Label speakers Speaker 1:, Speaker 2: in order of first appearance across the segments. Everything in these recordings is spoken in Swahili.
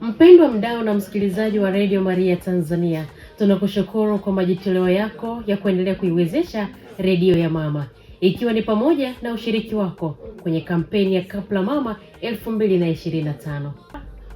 Speaker 1: Mpendwa mdau na msikilizaji wa Radio Maria Tanzania, tunakushukuru kwa majitoleo yako ya kuendelea kuiwezesha redio ya mama, ikiwa ni pamoja na ushiriki wako kwenye kampeni ya Kapla Mama 2025.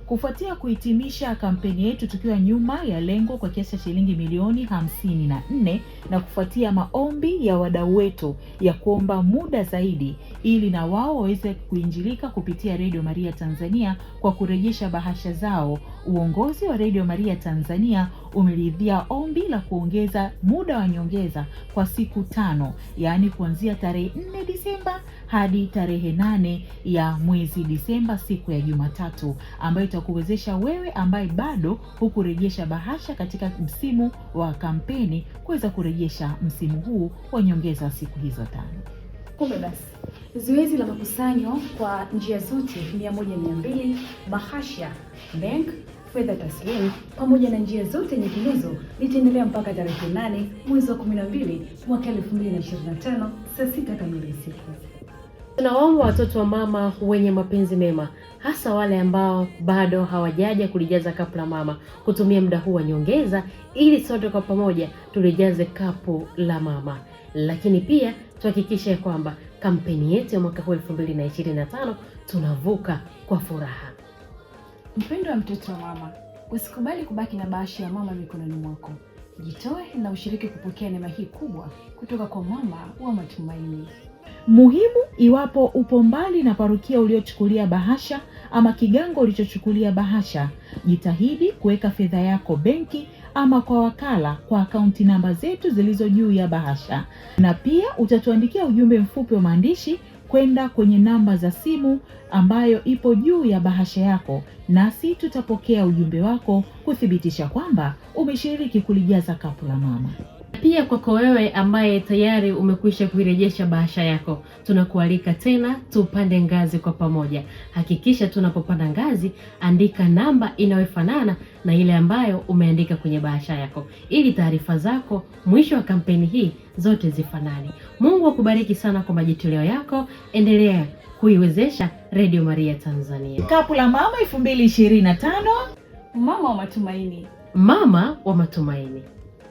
Speaker 2: Kufuatia kuhitimisha kampeni yetu tukiwa nyuma ya lengo kwa kiasi cha shilingi milioni hamsini na nne na kufuatia maombi ya wadau wetu ya kuomba muda zaidi ili na wao waweze kuinjilika kupitia Redio Maria Tanzania kwa kurejesha bahasha zao, uongozi wa Redio Maria Tanzania umeridhia ombi la kuongeza muda wa nyongeza kwa siku tano, yaani kuanzia tarehe nne Disemba hadi tarehe nane ya mwezi Disemba, siku ya Jumatatu ambayo utakuwezesha wewe ambaye bado hukurejesha bahasha katika msimu wa kampeni kuweza kurejesha msimu huu wa nyongeza siku hizo tano.
Speaker 3: Kumbe basi zoezi la makusanyo kwa njia zote mia moja mia mbili bahasha bank fedha taslimu pamoja na njia zote nyinginezo litaendelea mpaka tarehe 8 mwezi wa 12 mwaka 2025 saa sita kamili usiku.
Speaker 4: Tunawaomba watoto wa mama wenye mapenzi mema, hasa wale ambao bado hawajaja kulijaza kapu la mama, kutumia muda huu wa nyongeza ili sote kwa pamoja tulijaze kapu la mama, lakini pia tuhakikishe kwamba kampeni yetu ya mwaka huu elfu mbili na ishirini na tano tunavuka kwa furaha.
Speaker 5: Mpendo wa mtoto wa mama, usikubali kubaki na bahasha ya mama mikononi mwako. Jitoe na ushiriki kupokea neema hii kubwa kutoka kwa mama wa matumaini.
Speaker 2: Muhimu, iwapo upo mbali na parokia uliochukulia bahasha ama kigango ulichochukulia bahasha, jitahidi kuweka fedha yako benki ama kwa wakala kwa akaunti namba zetu zilizo juu ya bahasha, na pia utatuandikia ujumbe mfupi wa maandishi kwenda kwenye namba za simu ambayo ipo juu ya bahasha yako, nasi tutapokea ujumbe wako kuthibitisha kwamba umeshiriki kulijaza kapu la mama
Speaker 4: pia kwako wewe ambaye tayari umekwisha kuirejesha bahasha yako, tunakualika tena tupande ngazi kwa pamoja. Hakikisha tunapopanda ngazi, andika namba inayofanana na ile ambayo umeandika kwenye bahasha yako, ili taarifa zako mwisho wa kampeni hii zote zifanane. Mungu akubariki sana kwa majitoleo yako, endelea kuiwezesha Radio Maria Tanzania.
Speaker 6: Kapu la mama 2025,
Speaker 7: mama wa matumaini,
Speaker 8: mama wa matumaini.